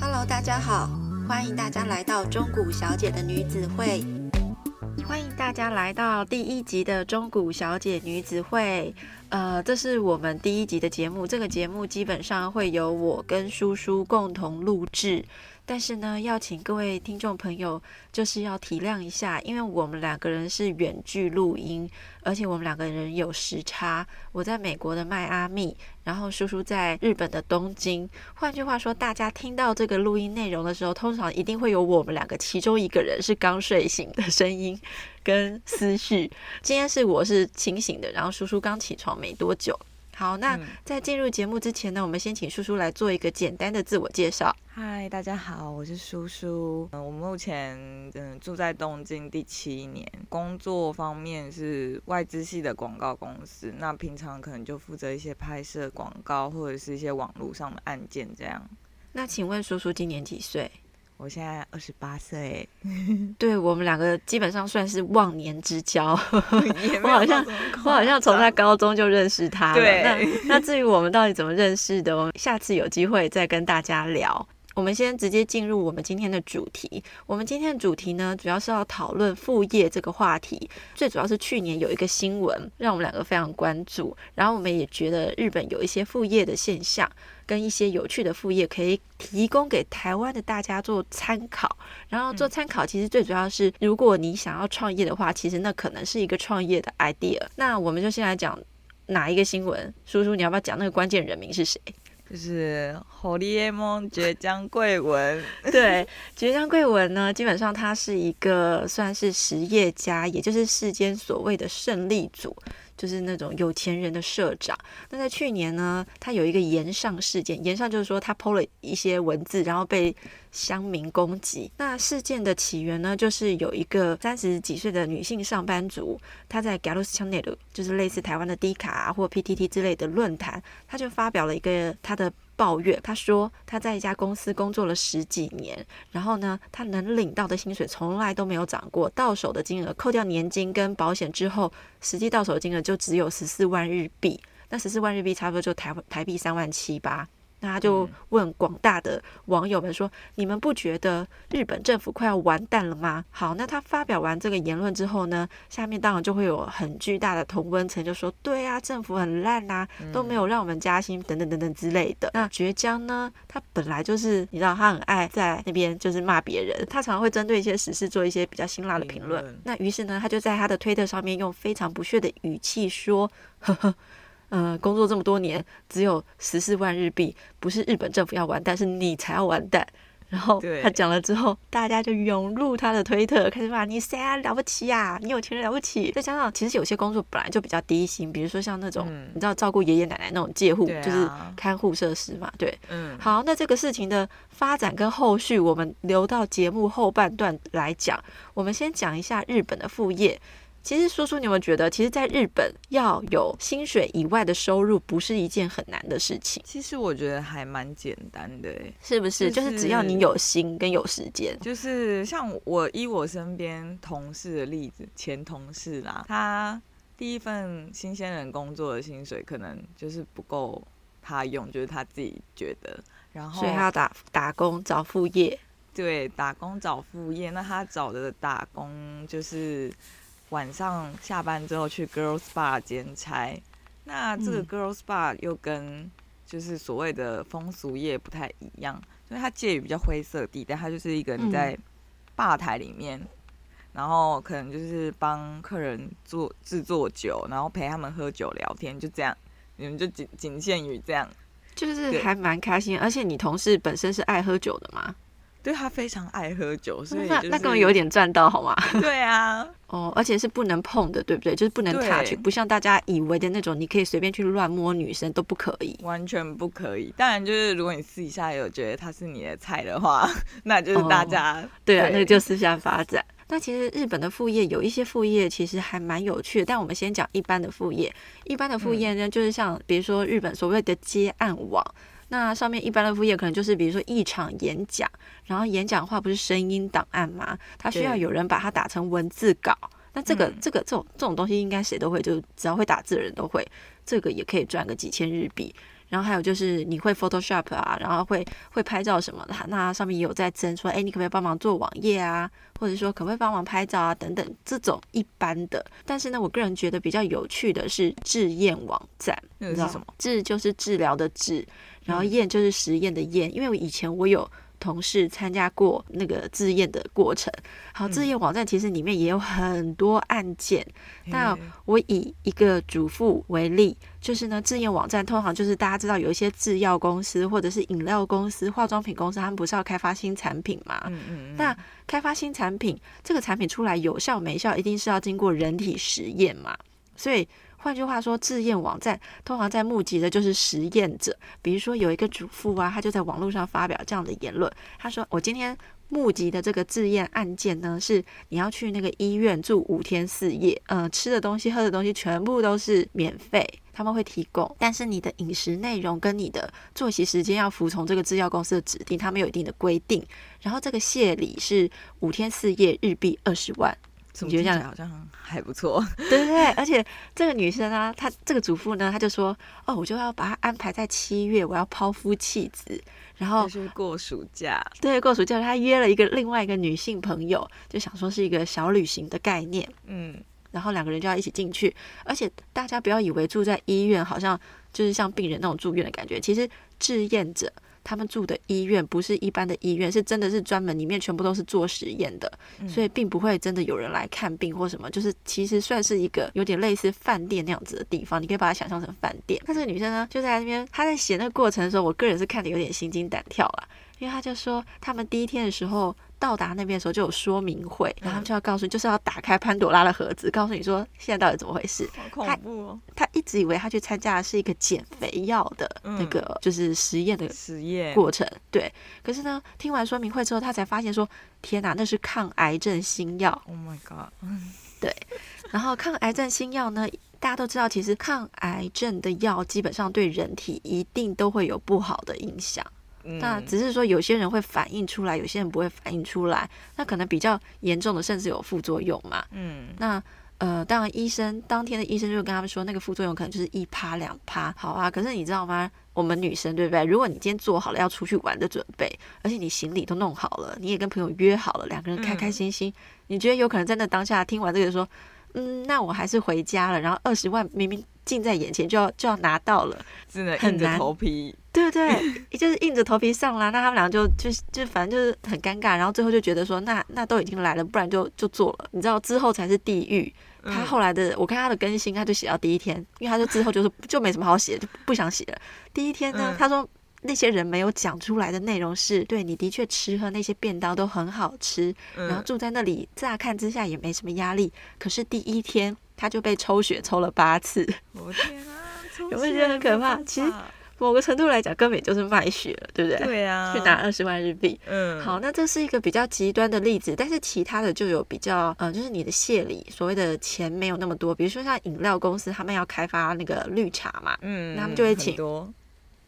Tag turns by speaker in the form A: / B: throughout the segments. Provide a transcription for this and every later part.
A: Hello，大家好，歡迎大家來到中古小姐的女子會。歡迎大家來到第一集的中古小姐女子會。呃，這是我們第一集的節目。這個節目基本上會由我跟舒舒共同錄製，但是呢，要請各位聽眾朋友就是要體諒一下，因為我們兩個人是遠距錄音，而且我們兩個人有時差。我在美國的邁阿密，然後舒舒在日本的東京。換句話說，大家聽到這個錄音內容的時候，通常一定會有我們兩個其中一個人是剛睡醒的聲音。跟思緒，今天是我是清醒的，然後舒舒剛起床沒多久。好，那在進入節目之前呢，嗯、我們先請舒舒來做一個簡單的自我介紹。
B: 嗨，大家好，我是舒舒。嗯，我目前嗯、呃、住在東京第七年，工作方面是外資系的廣告公司，那平常可能就負責一些拍攝廣告或者是一些網絡上的案件這樣。
A: 那請問舒舒今年幾歲？我現在二十八歲，對，我們兩個基本上算是忘年之交。 我好像我好像從他高中就認識他了。對 那那至於我們到底怎麼認識的，我們下次有機會再跟大家聊。我們先直接進入我們今天的主題。我們今天的主題呢，主要是要討論副業這個話題。最主要是去年有一個新聞讓我們兩個非常關注，然後我們也覺得日本有一些副業的現象。跟一些有趣的副業可以提供給台灣的大家做參考，然後做參考，其實最主要是，嗯、如果你想要創業的話，其實那可能是一個創業的 idea。那我們就先來講哪一個新聞，叔叔你要不要講那個關鍵人名是誰？就是
B: 荷莉萌，堀江貴文。
A: 對，其實江貴文呢，基本上他是一個算是實業家，也就是世間所謂的勝利組。就是那種有錢人的社長。那在去年呢，他有一個炎上事件，炎上就是說他 PO 了一些文字，然後被，鄉民攻擊。那事件的起源呢，就是有一個三十幾歲的女性上班族，她在 Girls Channel，就是類似台灣的 D 卡啊或 PTT 之類的論壇，她就發表了一個她的抱怨。她說她在一家公司工作了十幾年，然後呢，她能領到的薪水從來都沒有漲過，到手的金額扣掉年金跟保險之後，實際到手的金額就只有十四萬日幣。那十四萬日幣差不多就台台幣三萬七吧。那他就問廣大的網友們說、嗯：“你們不覺得日本政府快要完蛋了嗎？”好，那他發表完這個言論之後呢，下面當然就會有很巨大的同溫層，就說：“對啊，政府很爛吶、啊，都沒有讓我們加薪，等等等等之類的。嗯”那絕江呢，他本來就是你知道，他很愛在那邊就是罵別人，他常常會針對一些時事做一些比較辛辣的評論。那於是呢，他就在他的推特上面用非常不屑的語氣說：“呵呵。”嗯、呃，工作這麼多年，只有十四萬日幣，不是日本政府要完蛋，是你才要完蛋。然後他講了之後，大家就湧入他的推特，開始罵你誰、啊、了不起呀、啊？你有錢了不起？再加上其實有些工作本來就比較低薪，比如說像那種、嗯、你知道照顧爺爺奶奶那種介護、啊，就是看護設施嘛。對，嗯。好，那這個事情的發展跟後續，我們留到節目後半段來講。我們先講一下日本的副業。其實，舒舒，你有沒有覺得，其實，在日本要有薪水以外的收入，不是一件很難的事情？其實我覺得還蠻簡單的欸，是不是？就是，就是只要你有心跟有時間。
B: 就是像我以我身邊同事的例子，前同事啦，他第一份新鮮人工作的薪水可能就是不夠他用，就是他自己覺得，
A: 然後所以他要打打工找副業。
B: 對，打工找副業，那他找的打工就是。晚上下班之後去 girls bar 兼差，那這個 girls bar 又跟就是所謂的風俗業不太一樣，嗯、因為它介於比較灰色的地帶，它就是一個你在吧台裡面，嗯、然後可能就是幫客人做制作酒，然後陪他們喝酒聊天，就這樣，你們就僅僅限於這樣，
A: 就是還蠻開心，而且你同事本身是愛喝酒的嗎？
B: 對，他非常愛喝酒，所以、就是嗯、那那根本有點
A: 賺到好嗎？對啊， 哦，而且是不能碰的，對不對？就是不能 touch，不像大家以為的那種，你可以隨便去亂摸女生都不可以，
B: 完全不可以。當然，就是如果你私底下有覺得他是你的菜的話，那就是大家、oh, 對，對啊，那就私
A: 下發展。 那其實日本的副業有一些副業其實還蠻有趣的，但我們先講一般的副業。一般的副業呢，嗯、就是像比如說日本所謂的接案網。那上面一般的副業可能就是，比如說一場演講，然後演講的話不是聲音檔案嗎？他需要有人把它打成文字稿。那這個、嗯、這個這種這種東西應該誰都會，就只要會打字的人都會。這個也可以賺個幾千日幣。然後還有就是你會 Photoshop 啊，然後會會拍照什麼的。那上面也有在徵說，哎、欸，你可不可以幫忙做網頁啊？或者說可不可以幫忙拍照啊？等等這種一般的。但是呢，我個人覺得比較有趣的是治驗網站，你知道？這個是什麼？治就是治療的治。然後驗就是實驗的驗，嗯，因為我以前我有同事參加過那個治驗的過程。好，治驗網站其實裡面也有很多案件。嗯，那我以一個主婦為例，嗯，就是呢，治驗網站通常就是大家知道有一些製藥公司或者是飲料公司、化妝品公司，他們不是要開發新產品嘛，嗯嗯，那開發新產品，這個產品出來有效沒效，一定是要經過人體實驗嘛，所以。換句話說，治驗網站通常在募集的就是實驗者。比如說，有一個主婦啊，她就在網絡上發表這樣的言論。她說：“我今天募集的這個治驗案件呢，是你要去那個醫院住五天四夜，嗯、呃，吃的東西、喝的東西全部都是免費，他們會提供。但是你的飲食內容跟你的作息時間要服從這個制藥公司的指定，他們有一定的規定。然後這個謝禮是五天四夜日幣二十萬。”總覺得這樣好像還不錯，對對對。而且這個女生啊，她這個主婦呢，她就說：“哦，我就要把她安排在七月，我要拋夫棄子，然後，就是過暑假。”對，過暑假，她約了一個另外一個女性朋友，就想說是一個小旅行的概念。嗯，然後兩個人就要一起進去。而且大家不要以為住在醫院好像就是像病人那種住院的感覺，其實志願者。他們住的醫院不是一般的醫院，是真的是專門裡面全部都是做實驗的，所以並不會真的有人來看病或什麼。就是其實算是一個有點類似飯店那樣子的地方，你可以把它想象成飯店。那這個女生呢，就在那邊她在寫那個過程的時候，我個人是看得有點心驚膽跳了，因為她就說他們第一天的時候。到達那邊的時候就有說明會，然後他們就要告訴你、嗯，就是要打開潘多拉的盒子，告訴你說現在到底怎麼回事。好恐怖哦、他，他一直以為他去參加的是一個減肥藥的那個就是實驗的實驗過程、嗯，對。可是呢，聽完說明會之後，他才發現說：天哪，那是抗癌症新藥！Oh my god！ 對。然後抗癌症新藥呢，大家都知道，其實抗癌症的藥基本上對人體一定都會有不好的影響。嗯、那只是說有些人會反應出來，有些人不會反應出來。那可能比較嚴重的，甚至有副作用嘛。嗯。那呃，當然醫生當天的醫生就跟他們說，那個副作用可能就是一趴兩趴，好啊。可是你知道嗎？我們女生對不對？如果你今天做好了要出去玩的準備，而且你行李都弄好了，你也跟朋友約好了，兩個人開開心心，嗯、你覺得有可能在那當下聽完這個說，嗯，那我還是回家了。然後二十萬明明近在眼前，就要就要拿到了，
B: 真的硬着
A: 對不對，就是硬着頭皮上啦。那他們兩個就就就反正就是很尷尬，然後最後就覺得說，那那都已經來了，不然就就做了。你知道之後才是地獄。他後來的，我看他的更新，他就寫到第一天，因為他就之後就是就沒什麼好寫，就不想寫了。第一天呢，他說、嗯、那些人沒有講出來的內容是，對你的確吃喝那些便當都很好吃，然後住在那裡乍看之下也沒什麼壓力。可是第一天他就被抽血抽了八次，我天啊！有沒有覺得很可怕？其實。某個程度來講，根本就是賣血了，對不對？對啊，去拿二十萬日幣。嗯，好，那這是一個比較極端的例子，但是其他的就有比較，嗯、呃，就是你的謝禮，所謂的錢沒有那麼多。比如說像飲料公司，他們要開發那個綠茶嘛，嗯，那他們就會請，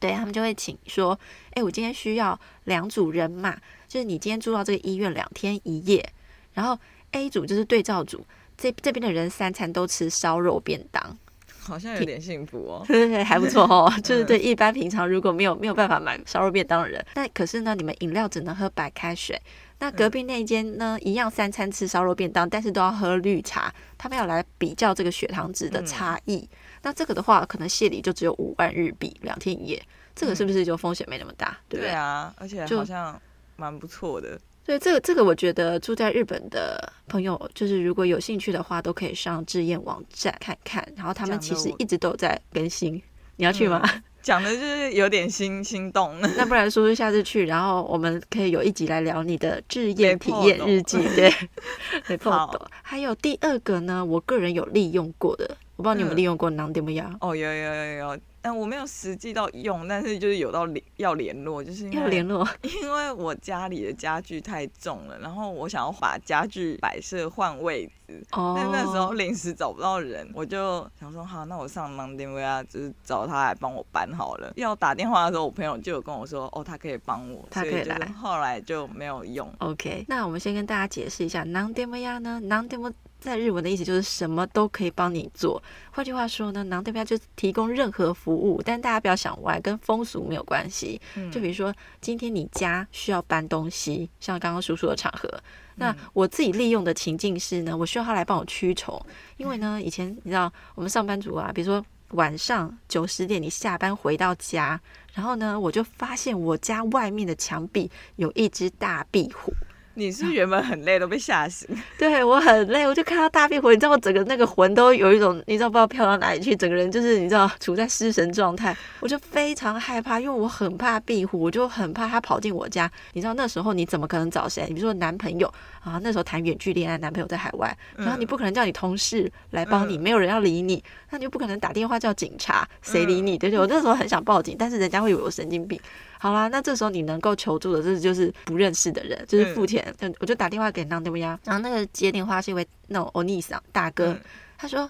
A: 對他們就會請說，哎、欸，我今天需要兩組人馬，就是你今天住到這個醫院兩天一夜，然後 A 組就是對照組，這這邊的人三餐都吃燒肉便當。好像有點幸福哦，對對對，還不錯哦， 就是對一般平常如果沒有沒有辦法買燒肉便當的人， 但可是呢，你們飲料只能喝白開水，那隔壁那一間呢、嗯，一樣三餐吃燒肉便當，但是都要喝綠茶，他們要來比較這個血糖值的差異、嗯，那這個的話，可能謝禮就只有五萬日幣兩天一夜，這個是不是就風險沒那麼大、嗯，對？對啊，
B: 而且好像蠻不錯的。
A: 對這個，這個我覺得住在日本的朋友，就是如果有興趣的話，都可以上治驗網站看看。然後他們其實一直都在更新。你要去嗎、嗯？
B: 講的就是有點心心動。 那不然
A: 舒舒下次去，然後我們可以有一集來聊你的治驗體驗日記，對。 沒碰到。還有第二個呢，我個人有利用過的，我不知道你有,沒有利用過嗎？點不樣。哦，有有有有,有。
B: 但我沒有實際到用，但是就是有到聯要聯絡，就是因為聯絡，因為我家裡的家具太重了，然後我想要把家具擺設換位置，
A: 哦、但那時候
B: 臨時找不到人，我就想說好、啊，那我上 Nandemoya 就是找他來幫我搬好了。要打電話的時候，我朋友就有跟我說，哦，他可以幫我，他可以
A: 來，所以，就是後來就沒有用。OK，那我們先跟大家解釋一下 Nandemoya 呢，Nandemo 在日文的意思就是什麼都可以幫你做，換句話說呢，囊對不就提供任何服務？但大家不要想歪，跟風俗沒有關係、嗯。就比如說今天你家需要搬東西，像剛剛叔叔的場合、嗯，那我自己利用的情境是呢，我需要他來幫我驅蟲，因為呢，以前你知道我們上班族啊，比如說晚上九十點你下班回到家，然後呢，我就發現我家外面的牆壁有一隻大壁虎。你
B: 是原本很累，啊，都被嚇死
A: 了。對我很累，我就看到大壁虎，你知道我整個那個魂都有一種，你知道不知道飄到哪裡去，整個人就是你知道處在失神狀態，我就非常害怕，因為我很怕壁虎，我就很怕它跑進我家，你知道那時候你怎麼可能找誰？你比如說男朋友。啊，那時候談遠距離戀愛，男朋友在海外，然後你不可能叫你同事來幫你，嗯，沒有人要理你，那你就不可能打電話叫警察，嗯，誰理你？對不對？我那時候很想報警，但是人家會以為我神經病。好啦，那這時候你能夠求助的，這就是不認識的人，就是付錢，嗯。我就打電話給那怎麼樣？然後那個接電話是一位那種歐尼桑大哥，嗯，他說：“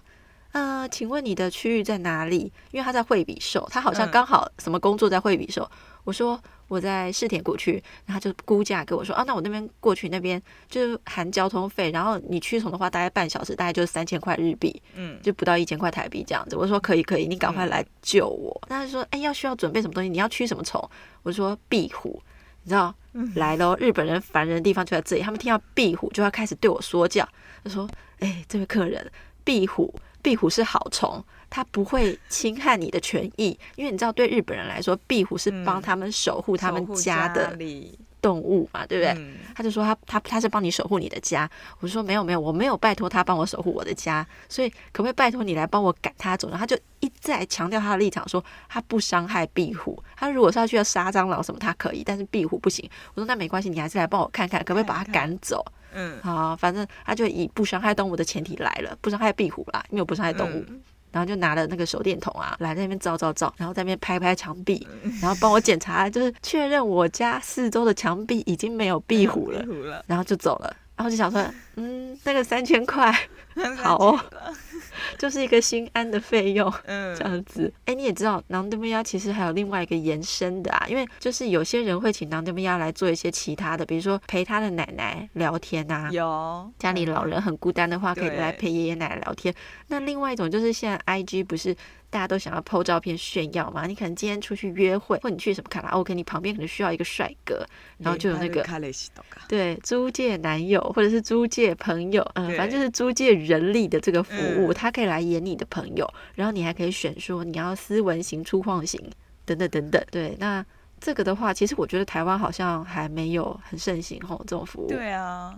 A: 呃，請問你的區域在哪裡？”因為他在惠比壽，他好像剛好什麼工作在惠比壽。我說。我在世田谷區，然後他就估價跟我說：“啊，那我那邊過去那邊就是含交通費，然後你驅蟲的話大概半小時，大概就是三千塊日幣，嗯，就不到一千塊台幣這樣子。”我說：“可以，可以，你趕快來救我。嗯”那他說：“哎、欸，要需要準備什麼東西？你要驅什麼蟲？”我說：“壁虎，你知道，來嘍！日本人煩人的地方就在這裡，他們聽到壁虎就要開始對我說教。他說：‘哎、欸，這位客人，壁虎，壁虎是好蟲。’”他不會侵害你的權益， 因為你知道，對日本人來說，壁虎是幫他們守護他們家的動物嘛，嗯、對不對、嗯？他就說他他他是幫你守護你的家。我說沒有沒有，我沒有拜託他幫我守護我的家，所以可不可以拜託你來幫我趕他走呢？他就一再強調他的立場，說他不傷害壁虎，他如果是要去要殺蟑螂什麼，他可以，但是壁虎不行。我說那沒關係，你還是來幫我看看，看，看可不可以把他趕走。
B: 嗯，好、
A: 啊，反正他就以不傷害動物的前提來了，不傷害壁虎啦，因為我不傷害動物。嗯然後就拿了那個手電筒啊，來那邊照照照，然後在那邊拍拍牆壁，然後幫我檢查，就是確認我家四周的牆壁已經沒有壁虎了，然後就走了。然後就想說，嗯，那個三千塊，好哦。 就是一個心安的費用，嗯，這樣子。哎、欸，你也知道，囊德咪鴨其實還有另外一個延伸的啊，因為就是有些人會請囊德咪鴨來做一些其他的，比如說陪他的奶奶聊天啊，有家裡老人很孤單的話，可以來陪爺爺奶奶聊天。那另外一種就是現在 IG 不是。大家都想要拍照片炫耀嘛？你可能今天出去約會，或你去什麼卡拉 OK，你旁邊可能需要一個帥哥，然後就有那個對租借男友或者是租借朋友，嗯，反正就是租借人力的這個服務，嗯，他可以來演你的朋友，然後你還可以選說你要斯文型、粗型、粗獷型等等等等。對，那這個的話，其實我覺得台灣好像還沒有很盛行吼這種服務。對
B: 啊。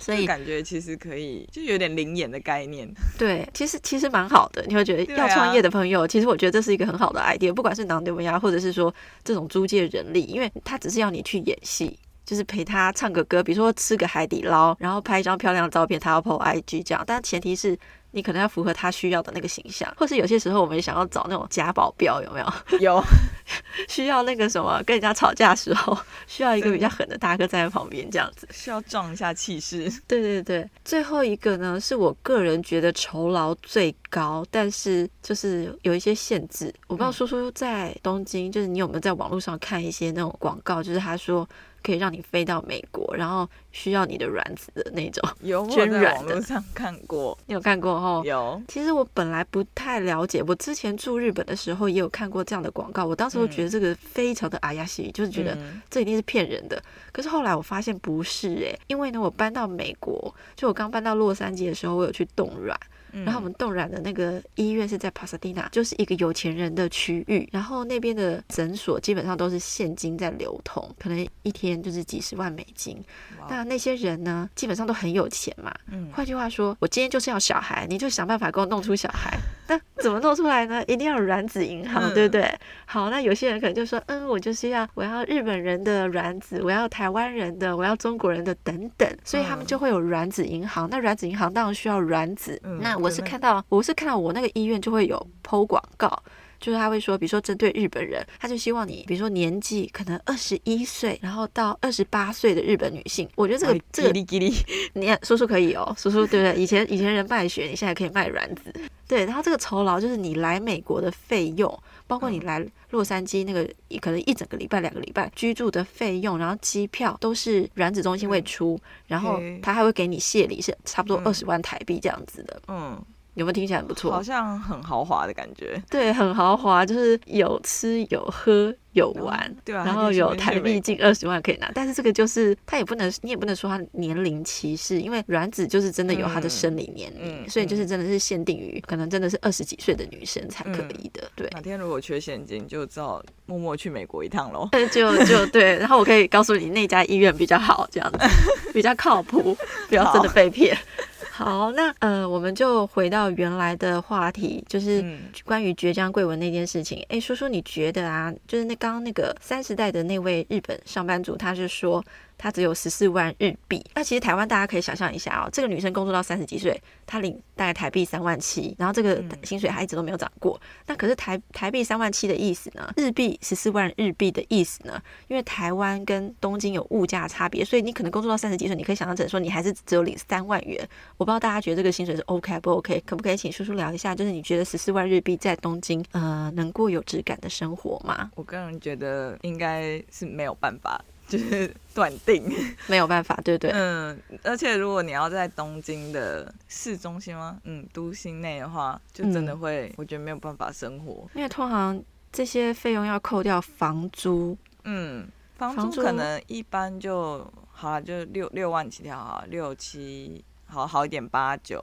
B: 所以感覺其實可以，就有點臨演的概念。
A: 對，其實其實蠻好的。你會覺得要創業的朋友、啊，其實我覺得這是一個很好的 idea，不管是當演員，或者是說這種租借人力，因為他只是要你去演戲，就是陪他唱個歌，比如說吃個海底撈，然後拍一張漂亮的照片，他要 po IG 這樣。但前提是。你可能要符合他需要的那個形象，或是，有些時候我們也想要找那種假保鏢，有沒有？有， 需要那個什麼，跟人家吵架的時候需要一個比較狠的大哥在旁邊，這樣子需要壯一下氣勢。對對對，最後一個呢是我個人覺得酬勞最高，但是就是有一些限制。我不知道舒舒在東京、嗯，就是你有沒有在網絡上看一些那種廣告，就是他說。可以讓你飛到美國，然後需要你的卵子的那種，有的，我在網上看過，你有看過吼？有。其實我本來不太了解，我之前住日本的時候也有看過這樣的廣告，我當時我覺得這個非常的哎呀西，就是覺得這一定是騙人的，嗯。可是後來我發現不是哎，欸，因為呢，我搬到美國，就我剛搬到洛杉磯的時候，我有去凍卵。然後我們凍卵的那個醫院是在帕薩蒂娜，就是一個有錢人的區域。然後那邊的診所基本上都是現金在流通，可能一天就是幾十萬美金。那那些人呢，基本上都很有錢嘛。換句話說，我今天就是要小孩，你就想辦法給我弄出小孩。那 怎麼弄出來呢？一定要有卵子銀行、嗯，對不對？好，那有些人可能就說，嗯，我就是要我要日本人的卵子，我要台灣人的，我要中國人的等等，所以他們就會有卵子銀行。那卵子銀行當然需要卵子、嗯。那我是看到，我是看到我那個醫院就會有 PO 廣告。就是他會說，比如說針對日本人，他就希望你，比如說年紀可能二十一歲，然後到二十八歲的日本女性，我覺得這個這個、哎，你看舒舒可以哦，舒舒對不對？ 以前以前人賣血，你現在可以賣卵子，對。然後這個酬勞就是你來美國的費用，包括你來洛杉磯那個、嗯、可能一整個禮拜、兩個禮拜居住的費用，然後機票都是卵子中心會出，嗯、然後他還會給你謝禮，是差不多二十萬台幣這樣子的，嗯。嗯有沒有聽起來很不錯？好
B: 像很豪華的感覺。
A: 對，很豪華，就是有吃有喝有玩，嗯、對、啊、然後有台幣近二十萬可以拿，但是這個就是，他也不能，你也不能說他年齡歧視，因為卵子就是真的有他的生理年齡、嗯嗯，所以就是真的是限定於可能真的是二十幾歲的女生才可以的、
B: 嗯。對，哪天如果缺現金，就只好默默去美國一趟嘍。 就就
A: 對，然後我可以告訴你那家醫院比較好，這樣子 比較靠譜，不要真的被騙。好，那呃，我們就回到原來的話題，就是關於堀江貴文那件事情。哎、嗯，欸，舒舒，你覺得啊，就是那剛剛那個三十代的那位日本上班族，他是說。她只有十四萬日幣，那其實台灣大家可以想象一下啊、喔，這個女生工作到三十幾歲，她領大概台幣三萬七，然後這個薪水還一直都沒有漲過、嗯。那可是台台幣三萬七的意思呢？日幣十四萬日幣的意思呢？因為台灣跟東京有物價差別，所以你可能工作到三十幾歲，你可以想象成說你還是只有領三萬元。我不知道大家覺得這個薪水是 OK 不 OK，可不可以請舒舒聊一下，就是你覺得十四萬日幣在東京，呃，能過有質感的生活嗎？我
B: 個人覺得應該是沒有辦法。
A: 就是斷定沒有辦法，對對。
B: 嗯，而且如果你要在東京的市中心嗎？嗯，都心內的話，就真的會，嗯，我覺得沒有辦法生活。
A: 因為通常這些費用要扣掉房租，嗯，房租可能
B: 一般就好了，就六六萬起跳啊，六七好好一點八九，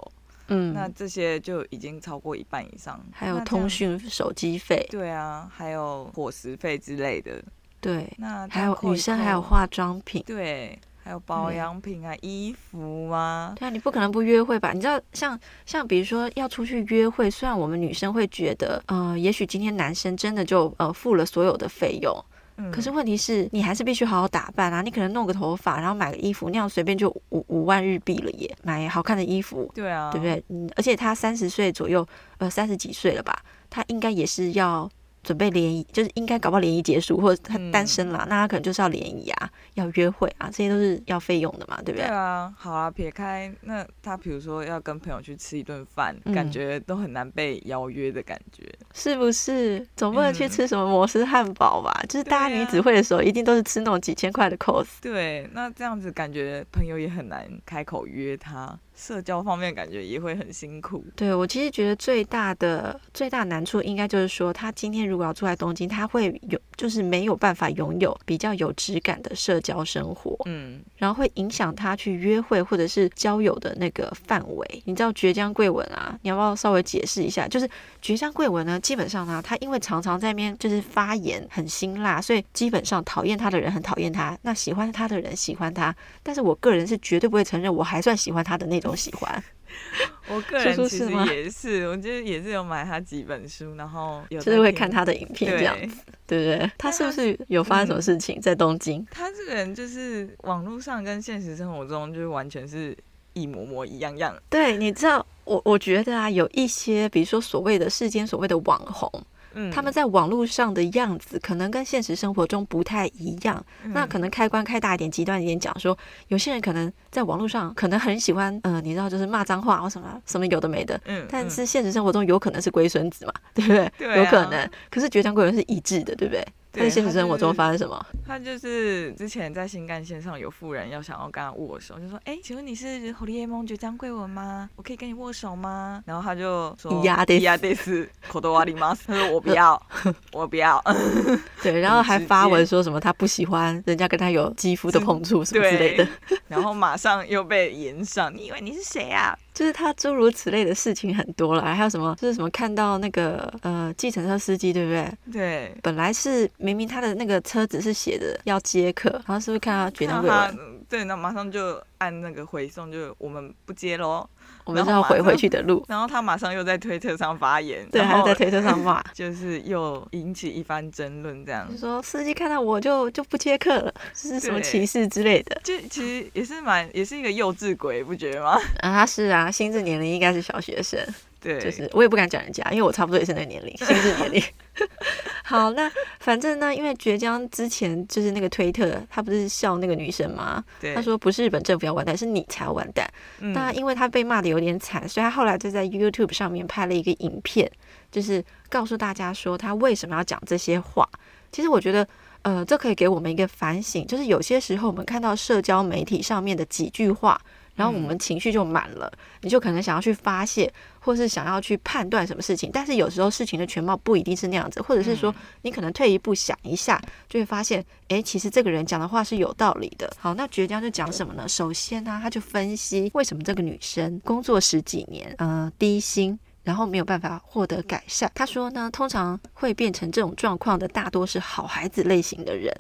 B: 嗯，那這些就已經超過一半以上。還有通訊
A: 手機費，對啊，
B: 還有伙食費之類的。
A: 對，那還有女生，還有化妝品，
B: 對，還有保養品啊，嗯，衣
A: 服啊。對啊，你不可能不約會吧？你知道，像像比如說要出去約會，雖然我們女生會覺得，呃，也許今天男生真的就呃付了所有的費用，嗯，可是問題是，你還是必須好好打扮啊。你可能弄個頭髮，然後買個衣服，那樣隨便就五五萬日幣了耶，買好看的衣服，對啊，對不對？嗯，而且他三十歲左右，呃，三十幾歲了吧，他應該也是要。準備聯誼就是應該搞不好聯誼結束，或者他單身了、啊嗯，那他可能就是要聯誼啊，要約會啊，這些都是要費用的嘛，對不對？對
B: 啊，好啊，撇開那他，比如說要跟朋友去吃一頓飯、嗯，感覺都很難被邀約的感覺，
A: 是不是？總不能去吃什麼摩斯漢堡吧、嗯？就是大家女子會的時候、啊，一定都是吃那種幾千塊的 course
B: 對，那這樣子感覺朋友也很難開口約他。社交方面感覺也會很辛苦。
A: 對，我其實覺得最大的最大的難處，應該就是說，他今天如果要住在東京，他會有就是沒有辦法擁有比較有質感的社交生活。嗯，然後會影響他去約會或者是交友的那個範圍。你知道堀江貴文啊？你要不要稍微解釋一下？就是堀江貴文呢，基本上呢，他因為常常在那邊就是發言很辛辣，所以基本上討厭他的人很討厭他，那喜歡他的人喜歡他。但是我個人是絕對不會承認我還算喜歡他的那種。都喜歡，
B: 我個人其實也是， 我覺得也是有買他幾本書，然後就是會看他的影片這樣子，
A: 對不對，對，對？他是不是有發生什麼事情、嗯、在東京？
B: 他這個人就是網絡上跟現實生活中就是完全是一模模一樣樣。
A: 對，你知道我我覺得啊，有一些比如說所謂的世間所謂的網紅。他們在網絡上的樣子可能跟現實生活中不太一樣，嗯、那可能開關開大一點、極端一點講說，有些人可能在網絡上可能很喜歡，呃，你知道就是罵髒話或什麼什麼有的沒的，嗯，但是現實生活中有可能是龜孫子嘛，對不對？嗯、有可能，啊、可是絕腔鬼人是一致的，對不對？在現實生活中發生什麼？
B: 他就是之前在新幹線上有婦人要想要跟他握手，就說：“哎、欸，請問你是ホリエモン張貴文嗎？我可以跟你握手嗎？”然後他就說：“いやです、いやです。”他說：“我不要， 我不要。
A: ”對，然後還發文說什麼他不喜歡人家跟他有肌膚的碰觸什麼之類的，
B: 然後馬上又被炎上。你以為你是誰呀、啊？
A: 就是他諸如此類的事情很多了，還有什麼就是什麼看到那個呃計程車司機對不對？對，本來是明明他的那個車子是寫着要接客，然後是不是看他覺得他，
B: 對，那馬上就按那個回送就，就是我們不接咯。我們是要回回去的路，然後他馬上又在推特上發言，對，還是在推特上罵，就是又引起一番爭論，這樣， 就是
A: 說司機看到我就就不接客了，這是什麼歧視之類的，
B: 就其實也是蠻，也是一個幼稚鬼，不覺得嗎？
A: 啊，他是啊，心智年齡應該是小學生，對，就是我也不敢講人家，因為我差不多也是那個年齡，心智年齡。 好，那反正呢，因為倔強之前就是那個推特，他不是笑那個女生嗎？對，他說不是日本政府要完蛋，是你才完蛋。嗯、那因為他被罵得有點慘，所以他後來就在 YouTube 上面拍了一個影片，就是告訴大家說他為什麼要講這些話。其實我覺得，呃，這可以給我們一個反省，就是有些時候我們看到社交媒體上面的幾句話。然後我們情緒就滿了，嗯、你就可能想要去發洩，或是想要去判斷什麼事情。但是有時候事情的全貌不一定是那樣子，或者是說你可能退一步想一下，嗯、就會發現，誒，其實這個人講的話是有道理的。好，那絕交就講什麼呢？首先呢、啊，他就分析為什麼這個女生工作十幾年，呃，低薪，然後沒有辦法獲得改善。他說呢，通常會變成這種狀況的大多是好孩子類型的人。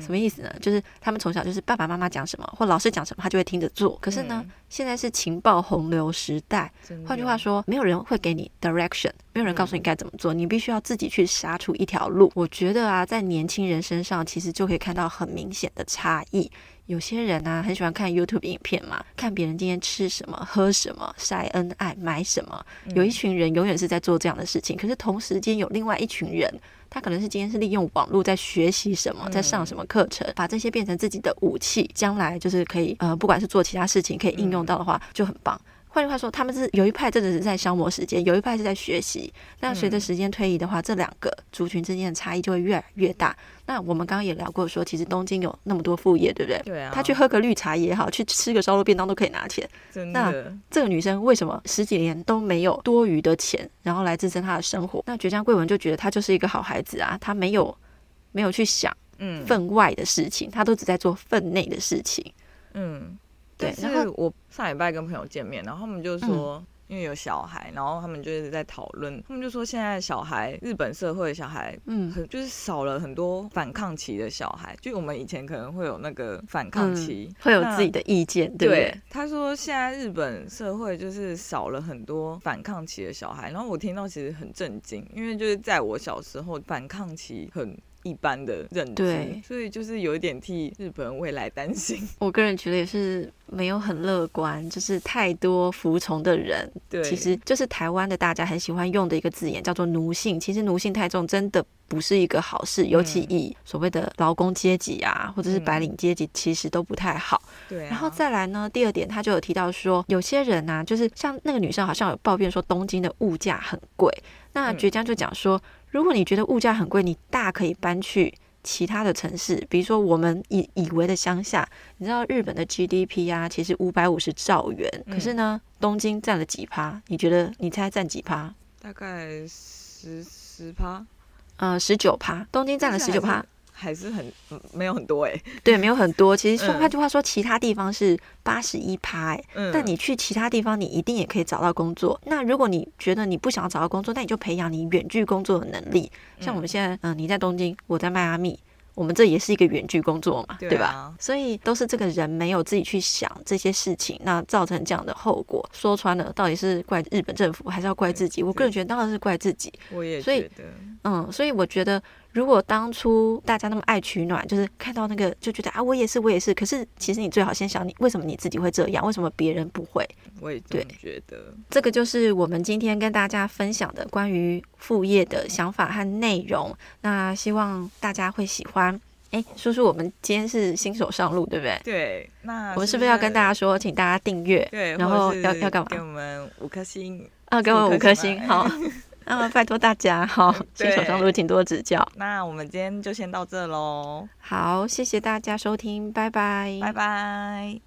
A: 什麼意思呢？就是他們從小就是爸爸媽媽講什麼或老師講什麼，他就會聽着做。可是呢，嗯，現在是情報洪流時代，換句話說，沒有人會給你 direction，沒有人告訴你該怎麼做，嗯，你必須要自己去殺出一條路。我覺得啊，在年輕人身上其實就可以看到很明顯的差異。有些人呢、啊，很喜歡看 YouTube 影片嘛，看別人今天吃什麼、喝什麼、曬恩愛、買什麼。有一群人永遠是在做這樣的事情，可是同時間有另外一群人。他可能是今天是利用網絡在學習什麼，在上什麼課程，把這些變成自己的武器，將來就是可以呃，不管是做其他事情，可以應用到的話就很棒。換句話說，他們是有一派真的是在消磨時間，有一派是在學習。那隨着時間推移的話，嗯、這兩個族群之間的差異就會越來越大。那我們剛剛也聊過說，其實東京有那麼多副業，對不對？對啊。他去喝個綠茶也好，去吃個燒肉便當都可以拿錢。真的。那這個女生為什麼十幾年都沒有多餘的錢，然後來支撐她的生活？嗯、那堀江貴文就覺得她就是一個好孩子啊，她沒有沒有去想嗯分外的事情、嗯，她都只在做分內的事情。嗯。對是
B: 我上禮拜跟朋友見面，然後他們就說，因為有小孩，嗯、然後他們就一直在討論、嗯，他們就說現在小孩日本社會小孩很，嗯，就是少了很多反抗期的小孩，就我們以前可能會有那個反抗期，
A: 嗯，會有自己的意見對，對？
B: 他說現在日本社會就是少了很多反抗期的小孩，然後我聽到其實很震驚，因為就是在我小時候反抗期很。一般的認知，對，所以就是有點替日本人未來擔心。
A: 我個人覺得也是沒有很樂觀，就是太多服從的人，對，其實就是台灣的大家很喜歡用的一個字眼，叫做奴性。其實奴性太重，真的不是一個好事，嗯、尤其以所謂的勞工階級啊，或者是白領階級，其實都不太好。嗯、對、啊，然後再來呢，第二點他就有提到說，有些人吶、啊，就是像那個女生好像有抱怨說東京的物價很貴，那倔強就講說。嗯嗯如果你覺得物價很貴，你大可以搬去其他的城市，比如說我們以以為的鄉下。你知道日本的 GDP 啊，其實五百五十兆元，嗯，可是呢，東京占了幾趴？你覺得？你猜占幾趴？
B: 大概十十趴，
A: 呃，十九趴。東京占了十九趴。
B: 還是很、嗯、沒有很多哎、欸，
A: 對，沒有很多。其實說，換句話說，其他地方是八十一趴哎，但你去其他地方，你一定也可以找到工作，嗯。那如果你覺得你不想要找到工作，那你就培養你遠距工作的能力。像我們現在，嗯、呃、你在東京，我在邁阿密，我們這也是一個遠距工作嘛。對、啊，對吧？所以都是這個人沒有自己去想這些事情，那造成這樣的後果。說穿了，到底是怪日本政府，還是要怪自己？我個人覺得當然是怪自己。我也覺得。所以嗯，所以我覺得。如果當初大家那麼愛取暖，就是看到那個就覺得啊，我也是，我也是。可是其實你最好先想，你為什麼你自己會這樣？為什麼別人不會？
B: 我也對覺得
A: 對這個就是我們今天跟大家分享的關於副業的想法和內容，嗯。那希望大家會喜歡。哎、欸，叔叔，我們今天是新手上路，對不對？對。
B: 那是是我們是不是要跟
A: 大家說，請大家訂閱？然後要要幹嘛？給
B: 我們五顆星啊！給、啊、我們五顆星，好。
A: 那、嗯、拜託大家哈，新手上路請多多指教。
B: 那我們今天就先到這嘍。
A: 好，謝謝大家收聽，拜拜，拜拜。